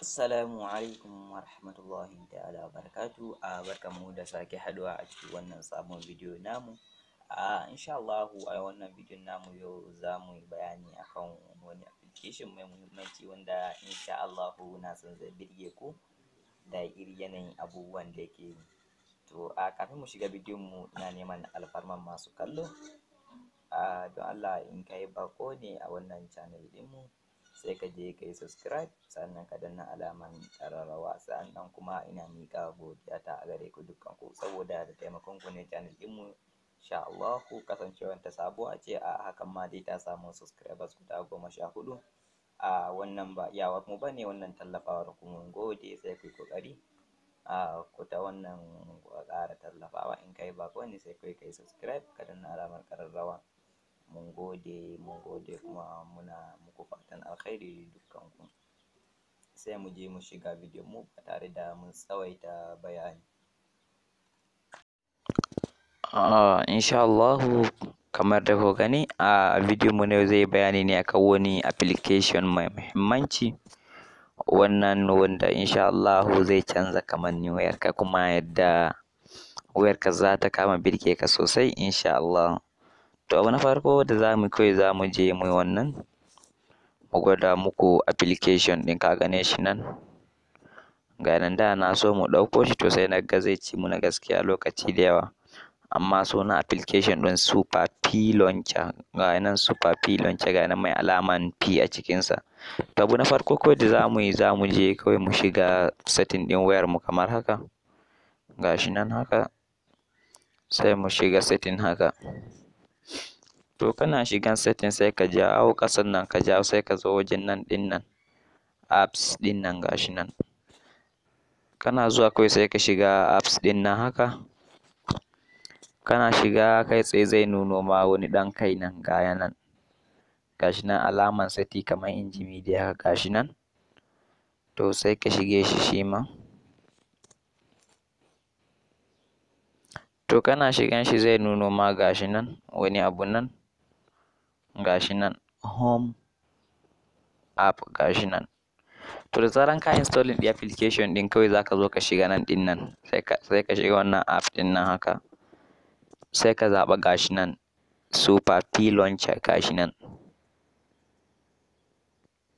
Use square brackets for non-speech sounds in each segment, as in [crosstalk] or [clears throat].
Assalamu alaikum wa rahmatullahi ta'ala barakatu a ah, mu da sake haduwa a cikin wannan sabon bidiyo namu a ah, insha Allah a wannan bidiyon namu yau za mu yi bayani akan wani application mai muhimmanci wanda insha Allah na son zai birge ku da iri yanayin abubuwan da yake yi to a ah, kafin mu shiga bidiyon mu na neman alfarman masu kallo a don Allah in kai bako ne a wannan channel din mu sai ka je ka yi subscribe sannan ka danna alaman ƙararrawa sannan kuma ina miƙa godiya ta a gare ku dukkan ku saboda da taimakon ku ne channel mu insha Allahu kasancewar ta sabo ce a hakan ma dai ta samu subscribers guda goma sha hudu a wannan ba iyawar mu bane wannan tallafawar ku mun gode sai ku yi ƙoƙari a ku ta wannan ƙara tallafawa in kai ba ne sai kai yi subscribe ka danna alamar ƙararrawa mun gode mun gode kuma muna muku fatan alkhairi ku sai mu je mu shiga bidiyon mu ba tare da mun tsawaita bayani uh, insha Allah kamar da kuka gani a bidiyon mu ne zai bayani ne akan wani application mai muhimmanci wannan wanda insha Allah zai canza ni wayarka kuma yadda wayarka za ta kama birke ka sosai insha Allah to abu na farko da za mu kawai za mu je mu wannan mu gwada muku application ɗin ka gane shi nan ga nan da na so mu ɗauko shi to sai na ga zai ci mu na gaskiya lokaci da yawa amma sunan application ɗin super p launcher ga nan super p launcher ga nan mai alaman p a cikinsa to abu na farko kawai da za mu yi za mu je kawai mu shiga setting ɗin wayar mu kamar haka ga shi nan haka sai mu shiga setting haka to kana shigan setting sai ka jawo ƙasan nan ka jawo sai ka zo wajen nan din nan apps din nan gashi nan kana zuwa kawai sai ka shiga apps din nan haka kana shiga kai tsaye zai nuno ma wani dan kai nan gaya nan gashi nan alaman seti kamar inji media haka gashi nan to sai ka shige shi shi ma to kana shigan shi zai nuno ma gashi nan wani abu nan gashi nan home app gashi nan to da zaran ka installing ɗin application ɗin kawai zaka zo ka shiga nan ɗin nan sai ka sai ka shiga wannan app din nan haka sai ka zaɓa gashi nan super p launcher gashi nan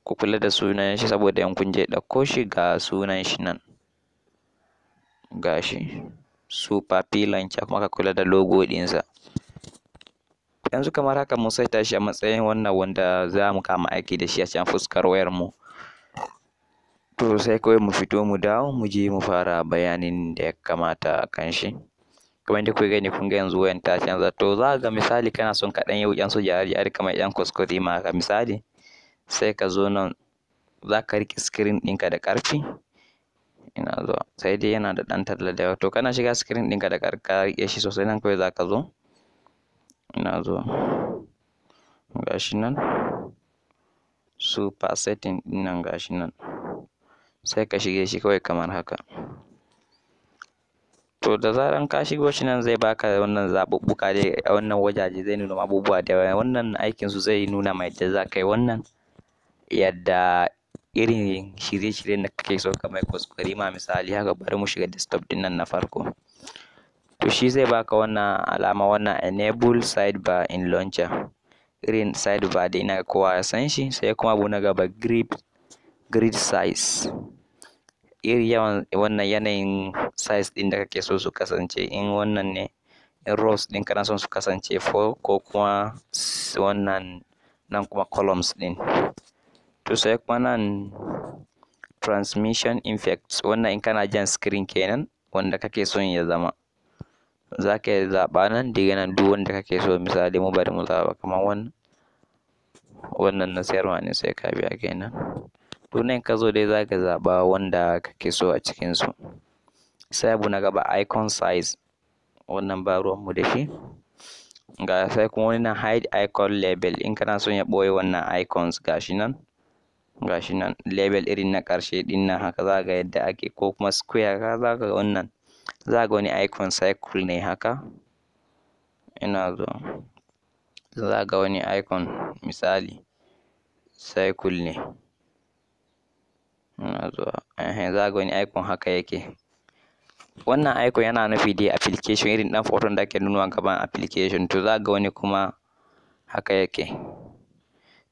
ku kula da sunan shi saboda yan kun je ɗauko shi ga sunan shi nan gashi super p launcher kuma ka kula da logo sa yanzu kamar haka mun saita shi a matsayin wannan wanda za mu kama aiki da shi a can fuskar wayar mu to sai kawai mu fito mu dawo mu je mu fara bayanin da ya kamata kan shi kamar yadda kuke gani kun ga yanzu wayan ta canza to za ga misali kana son ka ɗan yi wajen su jari jari kamar yan kuskure ma ka misali sai ka zo nan za ka riƙe screen ɗinka da ƙarfi ina zuwa sai dai yana da ɗan talla da yawa to kana shiga screen ɗinka da ƙarfi ka riƙe shi sosai nan kawai za ka zo ina zuwa gashi nan super setting ɗin nan gashi nan sai ka shige shi kawai kamar haka to da zaran ka shigo shi nan zai baka wannan zaɓuɓɓuka dai a wannan wajaje zai nuna abubuwa da yawa wannan aikin su zai nuna ma yadda za kai wannan yadda irin shirye-shiryen da kake so ka mai kuskure ma misali haka bari mu shiga desktop ɗin nan na farko to shi zai baka wannan alama wannan enable sidebar in launcher irin sidebar da ina kowa ya san shi sai kuma abu na gaba Grip grid size iri yawan wannan yanayin size ɗin da kake so su kasance in wannan ne in rows ɗin kana son su kasance 4 ko kuma wannan nan kuma columns ɗin to sai kuma nan transmission effects wannan in kana jan screen kenan wanda kake son ya zama za ka iya zaɓa nan daga nan duk wanda kake so misali mu bari mu zaɓa kamar wannan wannan na sayarwa ne sai ka biya kenan to nan ka zo dai za ka zaɓa wanda kake so a cikinsu sai abu na gaba icon size wannan ba ruwanmu da shi ga sai kuma wani na hide icon label in kana son ya ɓoye wannan icons gashi nan gashi nan label irin na ƙarshe ɗin nan haka za ga yadda ake ko kuma square ka za ka wannan za ga wani icon circle ne haka ina zo. za ga wani icon misali circle ne ina zuwa za ga wani icon haka yake wannan icon yana nufi dai application irin ɗan foton da ake nuna gaban application to za ga wani kuma haka yake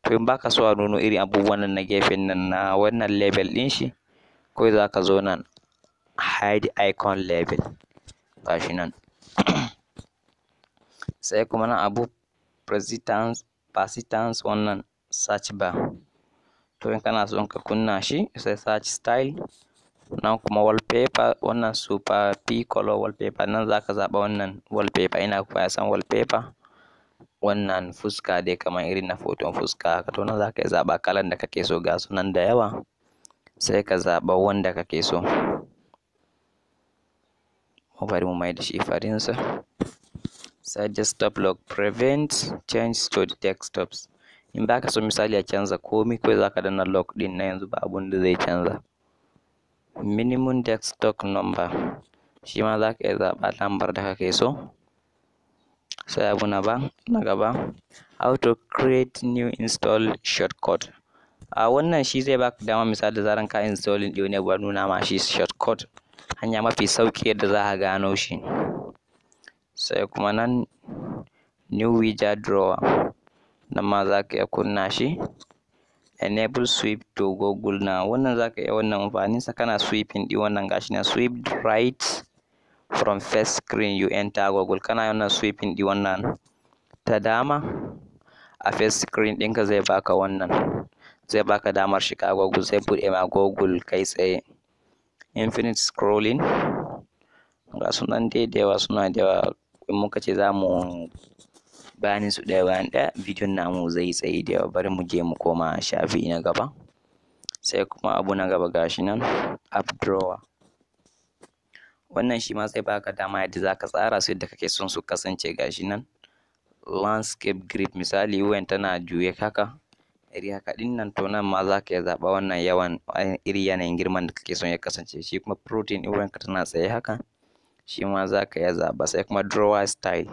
to in baka so a nuno irin abubuwan nan na gefen nan na wannan label ɗin shi kawai za ka zo nan hide icon label gashi nan [clears throat] sai kuma nan abu persistence wannan search bar to in kana son ka kunna shi sai search style nan kuma wallpaper wannan super p color wallpaper nan zaka zaba wannan wallpaper ina kuma san wallpaper wannan fuska dai kamar irin na foton fuska haka to nan zaka zaba kalan da kake so ga sunan da yawa sai ka zaba wanda kake so bari mu mai da shi farinsa site desktop log prevent change to the desktops in baka so misali ya canza komai kawai zaka danna log din na yanzu ba abun da zai canza minimum desktop number shi ma zaka iya zaɓa lambar da kake so sai abu na ba na gaba how to create new install shortcut a wannan shi zai baka dama misali da zaran ka install din ne ba nuna ma shi shortcut hanya mafi sauƙi yadda za a gano shi sai kuma nan new widget drawer nan ma za ka iya kunna shi enable sweep to google na wannan za ka iya wannan amfaninsa kana sweeping ɗin wannan gashi na sweep right from first screen you enter google kana wannan sweeping ɗin wannan ta dama a first screen ɗinka zai baka wannan zai baka damar shiga google zai buɗe ma google kai tsaye infinite scrolling ga sunan dai da yawa suna da yawa in muka ce za mu bayani su ɗaya bayan ɗaya bidiyon namu zai tsayi da yawa bari mu je mu koma shafi na gaba sai kuma abu na gaba gashi nan app drawer wannan shi ma zai baka dama yadda za ka tsara su yadda kake son su kasance gashi nan landscape grid misali wayan tana juye haka iri haka ɗin nan to nan ma za ka zaɓa wannan yawan iri yanayin girman da kake son ya kasance shi kuma protein ɗin ranka tana tsaye haka shi ma za ka iya zaɓa sai kuma drawer style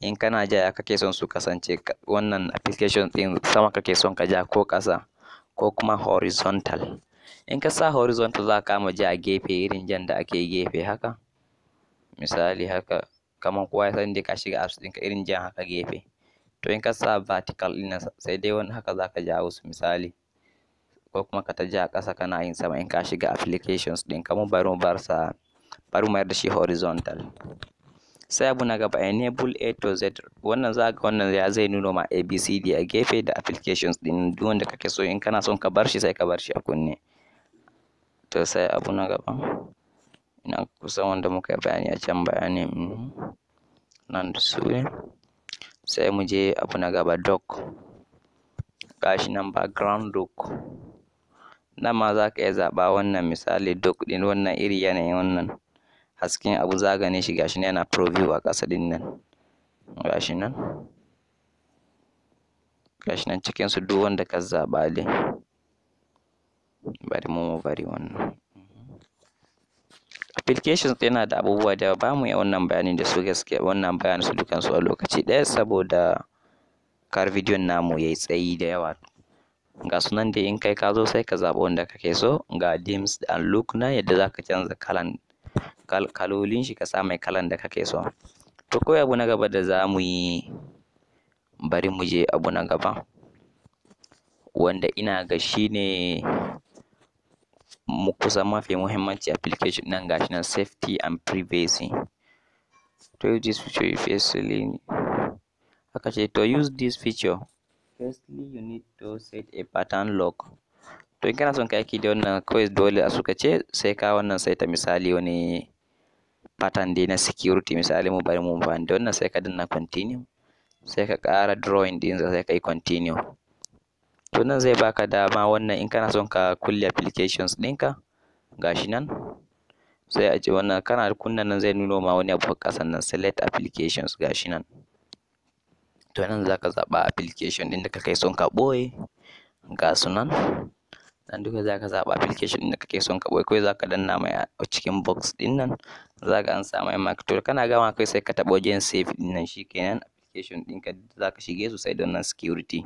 in kana ja ya kake son su kasance wannan application ɗin sama kake son ka ja ko ƙasa ko kuma horizontal in ka sa horizontal za ka kama ja a gefe irin jan da ake gefe haka misali haka kamar kowa ya san dai ka shiga apps ɗinka irin jan haka gefe to in ka sa vertical ɗin sai dai wani haka za ka jawo su misali ko kuma ka ta ja ƙasa kana yin sama in ka shiga applications ɗin kamar bari mu bar sa bari mu mayar da shi horizontal sai abu na gaba enable a to z wannan za wannan ya zai nuna ma abcd a gefe da applications ɗin duk wanda kake so in kana son ka bar shi sai ka bar shi a kunne to sai abu na gaba ina kusan wanda muka bayani a can bayanin nan da su ne sai mu je abu na gaba dog gashi nan background dog nan ma za ka iya zaɓa wannan misali dog ɗin wannan iri yanayin wannan hasken abu za gane shi gashi nan yana preview a ƙasa ɗin nan gashi nan gashi nan cikinsu duk wanda ka zaɓa dai bari mu mu bari wannan applications yana da abubuwa da ba mu yi wannan bayanin da su gaske wannan bayanin su dukan su a lokaci ɗaya saboda kar bidiyon namu yayi tsayi da yawa ga sunan da in kai ka zo sai ka zaɓi wanda kake so ga dims da look na yadda za ka canza kalan kalolin shi ka sa mai kalan da kake so to ko abu na gaba da za mu yi bari mu je abu na gaba wanda ina ga shi ne. kusa mafi muhimmanci application nan gashi nan safety and privacy to use this feature you firstly aka ce to use this feature firstly you need to set a pattern lock to in kana son ka aiki da wannan quest dole a suka ce sai ka wannan sai ta misali wani pattern dai na security misali mu bari mu ba da wannan sai ka danna continue sai ka ƙara drawing din sai ka yi continue To nan zai baka dama wannan in kana son ka kulle applications ɗinka gashi nan sai a ce wannan kana kunna nan zai nuno ma wani abu kasan nan select applications gashi nan. To nan zaka zaba application ɗin da kake son ka ɓoye ga su nan. Nan duka zaka zaba application ɗin da kake son ka ɓoye kawai zaka danna mai a cikin box ɗin nan zaka ansa mai mark to kana gama kai sai ka taɓa wajen save ɗin nan shikenan application ɗinka zaka shige su sai don nan security.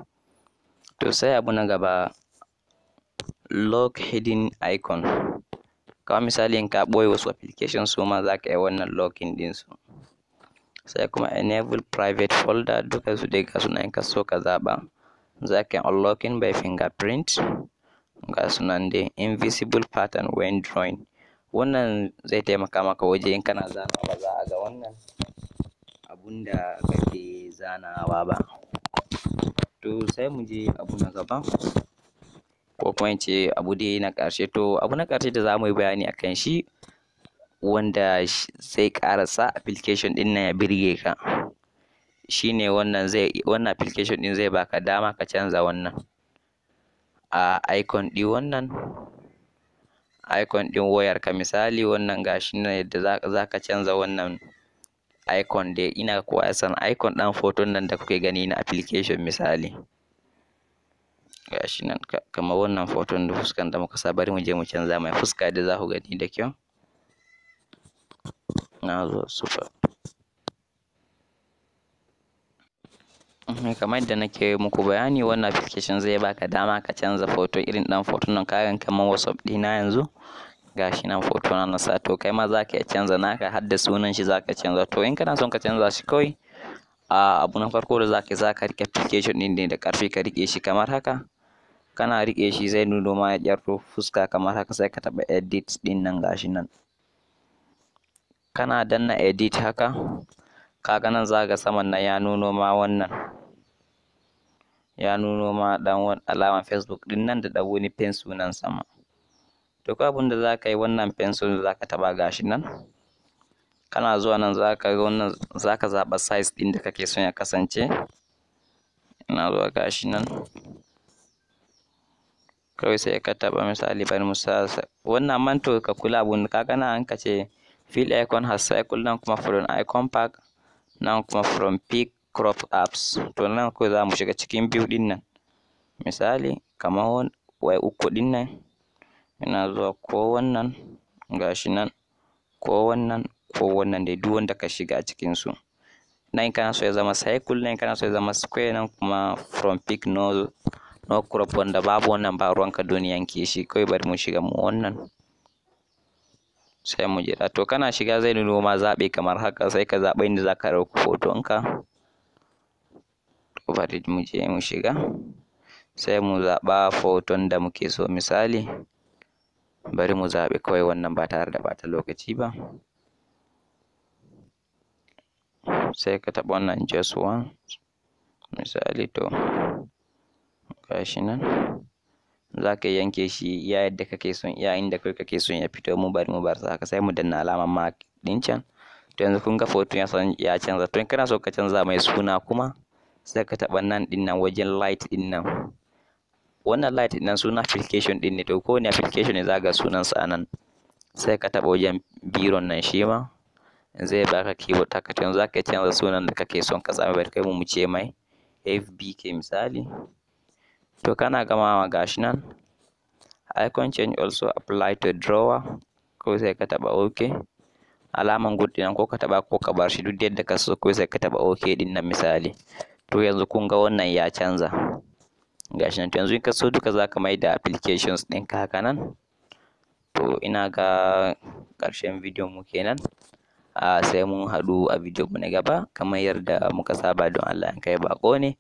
to sai abu na gaba lock hidden icon kawai misali in ka ɓoye wasu application su ma za ka yi wannan locking ɗinsu sai kuma enable private folder duka su dai ga sunan ka so ka zaɓa za ka yi unlocking by fingerprint ga sunan dai invisible pattern when drawing wannan zai taimaka maka waje in kana zanawa za a ga wannan abun da kake zanawa ba to sai mu je abu na gaba ko kuma in ce abu dai na ƙarshe to abu na ƙarshe da za mu yi bayani akan shi wanda zai ƙara sa application ɗin nan ya birge ka shine wannan zai wannan application ɗin zai baka dama ka canza wannan a icon ɗin wannan icon ɗin ka misali wannan gashi nan yadda za ka canza wannan icon dai ina kowa ya san icon ɗan hoton nan da kuke gani na application misali gashi nan kamar wannan hoton da fuskan da muka sa bari mu je mu canza mai fuska da za ku gani da kyau na zo super eh, kamar yadda nake muku bayani wannan application zai baka dama ka canza foto irin ɗan nan kayan kamar whatsapp ɗina yanzu gashi nan foto na nasa to kai ma za ka iya canza naka har da sunan shi za ka canza to in kana son ka canza shi kawai a abu na farko da za ka za ka rike application ɗin ne da karfi ka riƙe shi kamar haka kana riƙe shi zai nuno ma ya kyarto fuska kamar haka sai ka taba edit din nan gashi nan kana danna edit haka kaga nan za ga saman nan ya nuno ma wannan ya nuno ma dan alaman facebook din nan da ɗan wani pen sunan sama duk abin da za ka yi wannan pencil za ka taɓa gashi nan kana zuwa nan za ka wannan zaɓa size ɗin da kake son ya kasance ina zuwa gashi nan kawai sai ka taɓa misali bari mu sa wannan manto ka kula abun ka ga nan ka ce fill icon has cycle nan kuma from icon pack nan kuma from pick crop apps to nan kawai za mu shiga cikin biyu ɗin nan misali kamar wai uku ɗin nan yana zuwa ko wannan ga shi nan ko wannan ko wannan dai duk wanda ka shiga a cikinsu nan kana so ya zama circle nan kana so ya zama square nan kuma from peak no no crop wanda babu wannan ba ruwanka duniyan ke shi kawai bari mu shiga mu wannan sai mu jira to kana shiga zai nuno ma zaɓe kamar haka sai ka zaɓa inda zaka ɗauki hotonka to bari mu je mu shiga sai mu zaɓa hoton da muke so misali bari mu zaɓi kawai wannan ba tare da ɓata lokaci ba sai ka taɓa wannan just one misali to gashi nan za ka yanke shi iya yadda kake son iya inda kai kake son ya fito mu bari mu bar sa haka sai mu danna alamar mark ɗin can to yanzu kun ga foton ya san ya canza to in kana so ka canza mai suna kuma sai ka taɓa nan ɗin nan wajen light ɗin nan wannan light din sunan application din ne to ne application ne za ga sunan sa nan sai ka taɓa wajen biron nan shi ma zai baka keyboard ta katon za ka canza sunan da kake son ka sami bai kai mu mu ce mai fb ke misali to kana ma gashi nan icon change also apply to drawer ko sai ka taɓa ok alaman good din ko ka taɓa ko ka bar shi duk yadda ka so ko sai ka taba ok din nan misali to yanzu kun ga wannan ya canza gashi nan to yanzu in ka so duka zaka mai da applications ɗinka haka nan to ina ga ƙarshen bidiyon mu kenan a sai mun haɗu a bidiyon mu na gaba kamar yadda muka saba don Allah in kai bako ne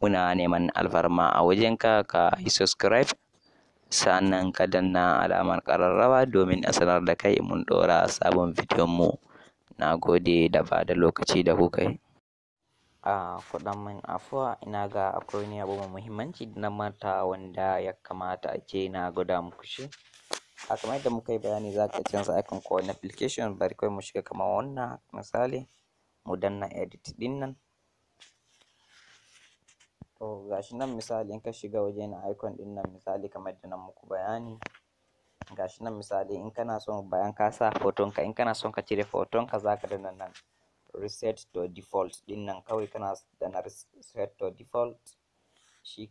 muna neman alfarma a wajen ka yi subscribe sannan ka danna alamar ƙararrawa domin a sanar da kai mun ɗora sabon bidiyon mu na gode da ba da lokaci da kuka a kuɗan min afuwa ina ga akwai wani abu mai muhimmanci na mata wanda ya kamata ake na guda muku shi a kamar yadda muka yi bayani za ka canza icon ko wani application bari kawai mu shiga kamar wannan misali mu danna edit ɗin nan to gashi nan misali in ka shiga waje na icon ɗin nan misali kamar yadda na muku bayani gashi nan misali in kana son bayan ka sa hotonka in kana son ka cire hotonka za ka danna nan reset to default din nan kawai kana dana reset to default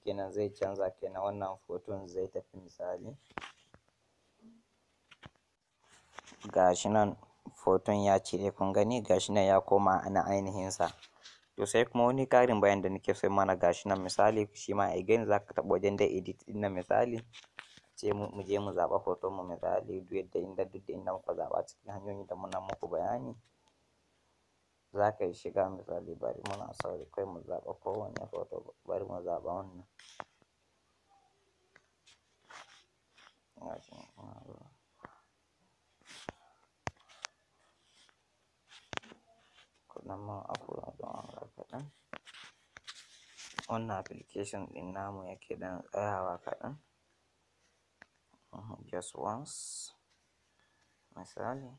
kenan zai canza kenan wannan photon zai tafi misali gashi nan photon ya cire kun gani gashi nan ya koma ana ainihin sa to sai kuma wani ƙarin bayan da nake so mana gashi nan misali shi ma again zaka taɓa wajen da edit din nan misali ce mu je mu zaɓa photon mu misali duk yadda inda duk inda muka zaba cikin hanyoyin da muna muku bayani za ka yi shiga misali bari muna sauri kai mu zaɓa kowane hoto bari mu zaɓa wannan kuɗin man afuwa don Allah kaɗan wannan application ɗin namu yake ɗan tsayawa kaɗan just once misali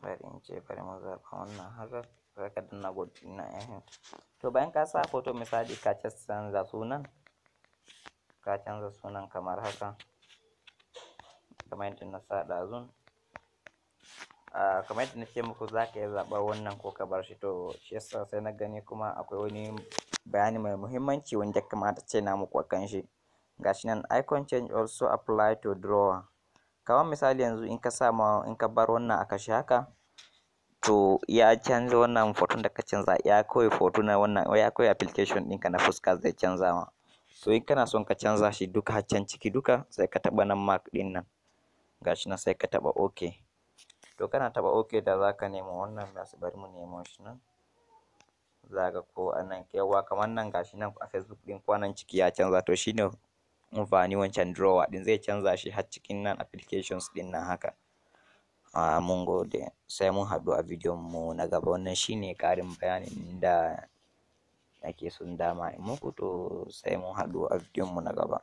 bari in ce bari mu zaɓa wannan haka za ka danna na ɗina ehem to bayan ka sa hoto misali ka canza sunan ka canza sunan kamar haka kamar yadda na sa ɗazun Uh, kamar yadda na ce muku za ka yi zaɓar wannan ko ka bar shi to shi yasa sai na gani kuma akwai wani bayani mai muhimmanci wanda ya kamata ce na muku akan shi gashi nan icon change also apply to drawer Kamar misali yanzu in ka sa ma in ka bar wannan a kashe haka to ya canza wannan hoton da ka canza ya kawai hoto na wannan ya kawai application ɗinka na fuska zai canza ma. So in kana son ka canza shi duka har can ciki duka sai ka taɓa nan mark ɗin nan gashi nan sai ka taɓa OK. To kana taɓa OK da za ka nemo wannan bari mu nemo shi nan. za ka ko a nan yawwa kamar nan gashi nan a Facebook ɗin kwanan ciki ya canza to shi ne amfani wancan drawer din zai canza shi har cikin nan applications ɗin nan haka. A mun gode sai mun haɗu a bidiyon mu na gaba wannan shine ƙarin bayanin da nake son dama in muku to sai mun haɗu a bidiyon mu na gaba.